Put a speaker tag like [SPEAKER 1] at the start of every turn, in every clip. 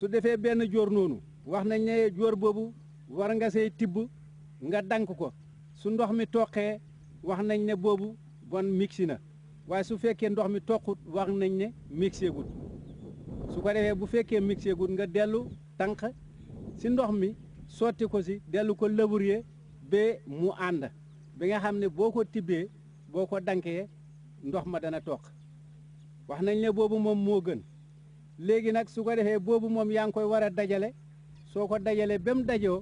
[SPEAKER 1] su defee benn joor noonu wax nañ ne joor boobu war nga say tibb nga dank ko su ndox mi toqee wax nañ ne boobu bon mixi na waaye su fekkee ndox mi toqut wax nañ ne mixeegut su ko defee bu fekkee mixeegut nga dellu tànq si ndox mi sotti ko si dellu ko labourer ba mu ànd bi nga xam ne boo ko tibbee boo ko dankee ndox ma dana toq wax nañ ne boobu moom moo gën léegi nag su ko defee boobu moom yaa ngi koy war a dajale soo ko dajale ba mu dajoo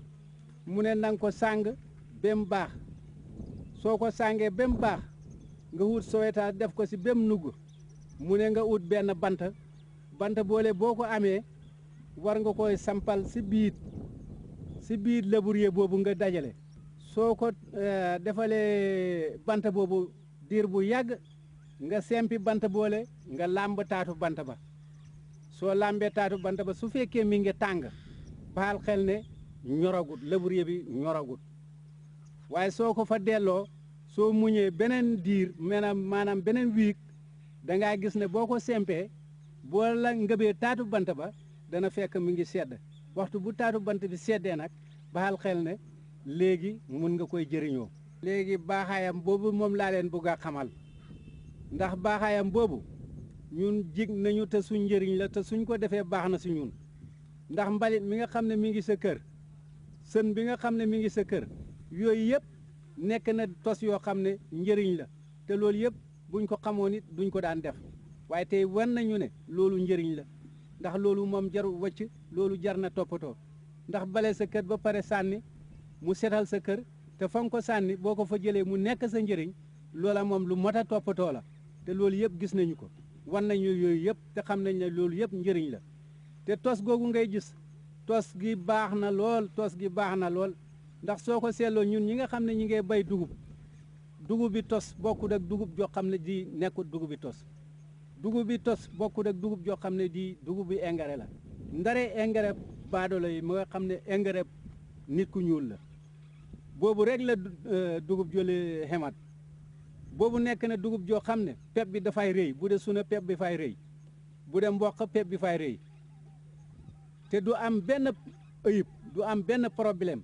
[SPEAKER 1] mu ne na ko sàng ba baax soo ko sàngee ba baax nga wut sowetaas def ko si ba mu mu ne nga ut benn bant bant boole boo ko amee war nga koy sampal si biit si biit labourie boobu nga dajale soo ko eh, defalee bant boobu diir bu yàgg nga sempi bant boole nga làmb taatu bant ba soo lambee taatu bant ba su fekkee mi ngi tàng baal xel ne ñoragut labourer bi ñoragut waaye soo ko fa delloo soo muñee beneen diir maanaam maanaam beneen wiig da gis ne boo ko sempee boo la ngëbee taatu bant ba dana fekk mi ngi sedd waxtu bu taatu bant bi seddee nag baal xel ne léegi mun nga koy jëriñoo léegi baaxaayam boobu moom laa leen bëgg a xamal ndax baaxaayam boobu ñun jig nañu te suñ njëriñ la te suñ ko defee baax na si ñun ndax mbalit mi nga xam ne mi ngi sa kër sën bi nga xam ne mi ngi sa kër yooyu yëpp nekk na tos yoo xam ne njëriñ la te loolu yëpp buñ ko xamoon it duñ ko daan def waaye tey wan nañu ne loolu njëriñ la ndax loolu moom jarul wàcc loolu jar na toppatoo ndax bale sa kër ba pare sànni mu setal sa kër te fa ko sànni boo ko fa jëlee mu nekk sa njëriñ loola moom lu mot a toppatoo la te loolu yëpp gis nañu ko wan nañu yooyu yëpp te xam nañ ne loolu yëpp njëriñ la te toos googu ngay gis tos gi baax na lool toos gi baax na lool ndax soo ko seetloo ñun ñi nga xam ne ñi ngay bay dugub dugub bi tos bokkut ak dugub joo xam ne di nekkut dugub bi tos dugub bi tos bokkut ak dugub joo xam ne di dugub bi engrais la ndare engrais baadoolo yi nga xam ne engrais nit ku ñuul la boobu rek la euh, dugub jole xemat boobu nekk na dugub joo xam ne pepp bi dafay rëy bu dee suna pepp bi fay rëy bu de mboq pepp bi fay rëy te du am benn ëyib du am benn problème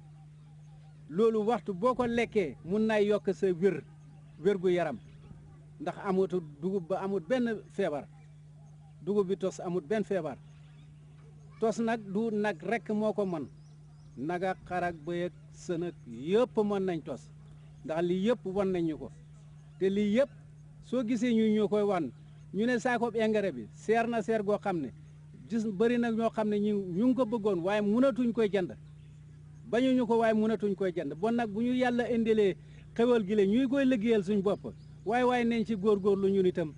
[SPEAKER 1] loolu waxtu boo ko lekkee mun nay yokk sa wér wér gu yaram ndax amatu dugub ba amut benn feebar dugub bi tos amut benn feebar tos nag du nag rekk moo ko mën naga xarak bëyëg sënëg yëpp mën nañ tos ndax li yëpp wan nañu ko te lii yëpp soo gisee ñu ñoo koy wan ñu ne saakoob engrais bi seer na seer goo xam ne gis bëri na ñoo xam ne ñu ñu ngi ko bëggoon waaye mënatuñ koy jënd bañuñu ko waaye mënatuñ koy jënd bon nag bu ñu yàlla indilee xewal gile le ñuy koy liggéeyal suñ bopp waaye waaye nañ ci góor góorgóorlu ñun itam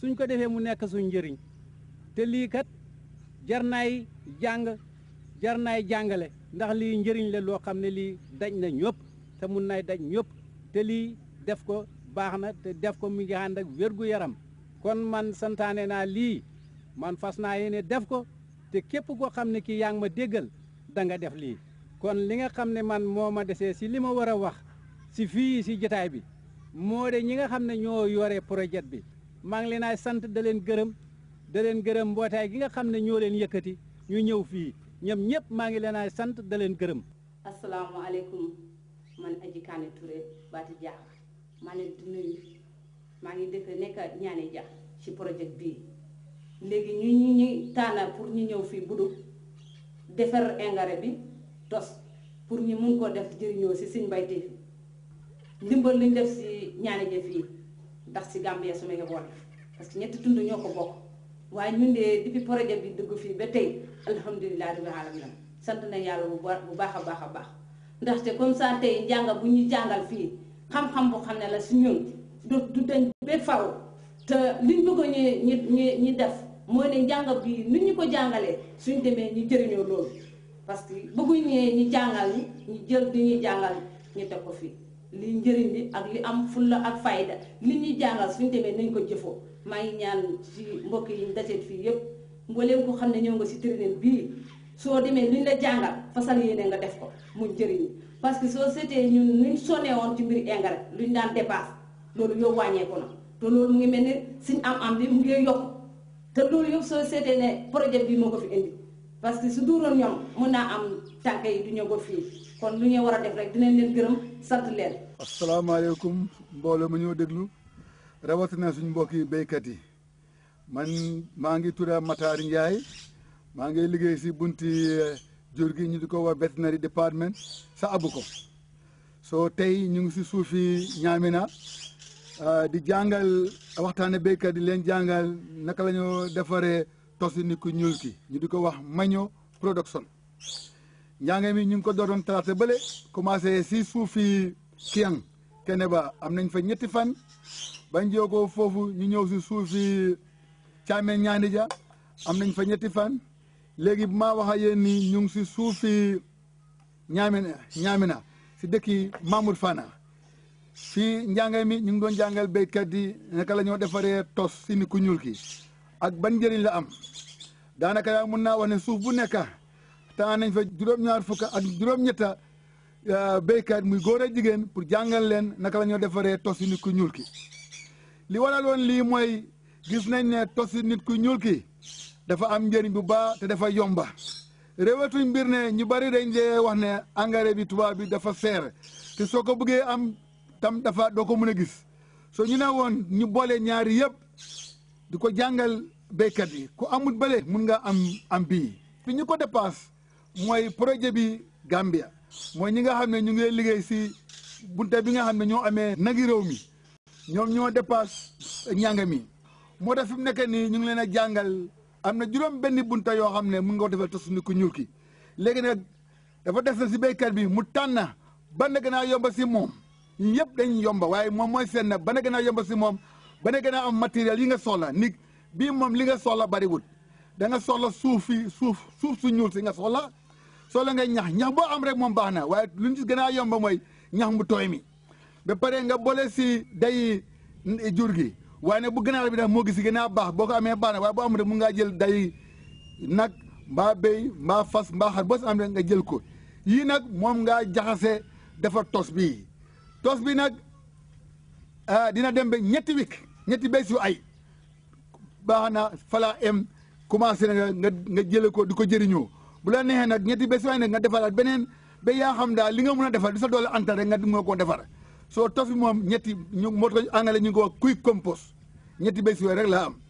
[SPEAKER 1] suñ ko defee mu nekk suñ njëriñ te lii kat jar naay jàng jar naay jàngale ndax lii njëriñ la loo xam ne lii daj na ñëpp te mun naay daj ñëpp te lii def ko baax na te def ko mi ngi wér-gu-yaram kon man santaane naa lii man fas naa yéene def ko te képp koo xam ne kii yaa ngi ma déggal danga def lii kon li nga xam ne man moo ma desee si li ma war a wax si fii si jotaay bi moo de ñi nga xam ne ñoo yore projet bi maa ngi leen ay sant da leen gërëm da leen gërëm mbootaay gi nga xam ne ñoo leen yëkkati ñu ñëw fii ñoom ñëpp maa ngi leen ay sant da leen gërëm.
[SPEAKER 2] asalaamaaleykum man Aji Kane Touré Bati Diakha maa leen di nuyu maa ngi dëkk nekk ñaani ja ci projet bii léegi ñu ñu ñu tànn pour ñu ñëw fii bu budub defar engrais bi tos pour ñu mun koo def jëriñoo si suñ mbayteef ndimbal luñ def si ñaani ja fii ndax si Gambia su ma yeboon parce que ñetti tund ñoo ko bokk waaye ñun de depuis projet bi dugg fii ba tey alhamdulilah rabbil alamin sant na yàlla bu baax bu baax a baax a baax ndaxte comme ça tey njàng bu ñu jàngal fii xam-xam boo xam ne la si ñun du du dañ ba faru te liñ bëgg a ñu ñu ñu def mooy ne njàng bi ni ñu ko jàngalee suñ demee ñi jëriñoo loolu parce que bëgguñ ñee ñu jàngal ñu jël di ñuy jàngal ñu teg ko fii li njëriñ li ak li am fulla ak fayda li ñuy jàngal suñ demee nañ ko jëfoo maa ngi ñaan ci mbokk yi ñu fii yëpp mbooleem ko xam ne ñëw nga si training bii soo demee li ñu la jàngal fasal yéene nga def ko mu jëriñu parce que soo seetee ñun nuñ sonné woon ci mbiri engrais luñ daan dépasse loolu yow wàññeeku na te loolu mu ngi mel ni suñ am-am bi mu ngi yokk te loolu yëpp soo seetee ne projet bii moo ko indi parce que su duuroon ñoom mën naa am tànk yi du ñëw ba fii kon lu ñu war a def rek dinañ leen gërëm sant leen.
[SPEAKER 3] asalaamaaleykum mbooloo mu ñëw déglu rawatina suñ mbokki béykat yi man maa ngi tudd Matar Ndiaye. maa ngi liggéey si bunti eh, jur gi ñu di ko wax veterinary department sa abu ko soo tey ñu ngi si suufi ñaamina eh, di jàngal waxtaane béykat di leen jàngal naka lañu defaree tosi ni ku ñuul ki ñu di ko wax maño production njànge mi ñu ngi ko dooroon talaata bële commencé si suufi kiyang kene ba am nañ fa ñetti fan bañ jiyoo ko foofu ñu ñëw si suufi caamen ñaani ja am nañ fa ñetti fan léegi ma maa wax ak yéen nii ñu ngi si suuf si ñaamina ñaamina si dëkk yi Mamoud Fana si njàngay mi ñu ngi doon jàngal béykat yi naka la ñoo defaree tos si ni ñuul ki ak ban njëriñ la am daanaka yaa naa wax suuf bu nekk taa nañ fa juróom-ñaar fukka ak juróom-ñetta euh, béykat muy góor a jigéen pour jàngal leen naka la ñoo defaree tos si nit ku ñuul ki li waraloon lii mooy gis nañ ne tos si nit ku ñuul ki dafa am njëriñ bu baa te dafa yomba réewatuñ mbir ne ñu bari dañ dee wax ne engrais bi tubaab bi dafa seer te soo ko bëggee am tam dafa doo ko mën a gis soo ñu ne woon ñu boole ñaar yëpp di ko jàngal béykat yi ku amul bële mun nga am am bi ñu ko dépasse mooy projet bi Gambia mooy ñi nga xam ne ñu ngi liggéey si bunte bi nga xam ne ñoo amee nagi réew mi ñoom ñoo dépasse ñanga mi moo tax fi mu nekk nii ñu ngi leen a jàngal. am na juróom benn bunta yoo xam ne mun nga ko defal tasu ni ku ñuul ki léegi nag dafa def na si béykat bi mu tànn ban gën a yomba si moom ñëpp dañ yomba waaye moom mooy seen na ban gën a yomba si moom ban gën a am matériel yi nga soxla ni bii moom li nga soxla bariwul da nga soxla suuf fi suuf suuf su ñuul si nga soxla soxla nga ñax ñax boo am rek moom baax na waaye lu ñu si gën yomba mooy ñax mu tooy mi ba pare nga boole si day jur gi waaye nag bu ganaar bi nag moo gis gën a baax boo nak amee baax rek jël day fas mbaa xar boo si am rek nga jël ko yii nag moom ngaa jaxase dafa tos bii tos bi nag ah, dina dem ba ñetti wik ñetti bés yu ay baax na em commencé nga nga jële ko di ko jëriñoo bu la neexee nag ñetti bés yu ay nga defaraat beneen ba yaa xam daal li nga mun defal defar sa doole anta rek nga mun nga koo tos bi ñetti ñu angale ñu ko quick compost ñetti bés yooyu rek laa am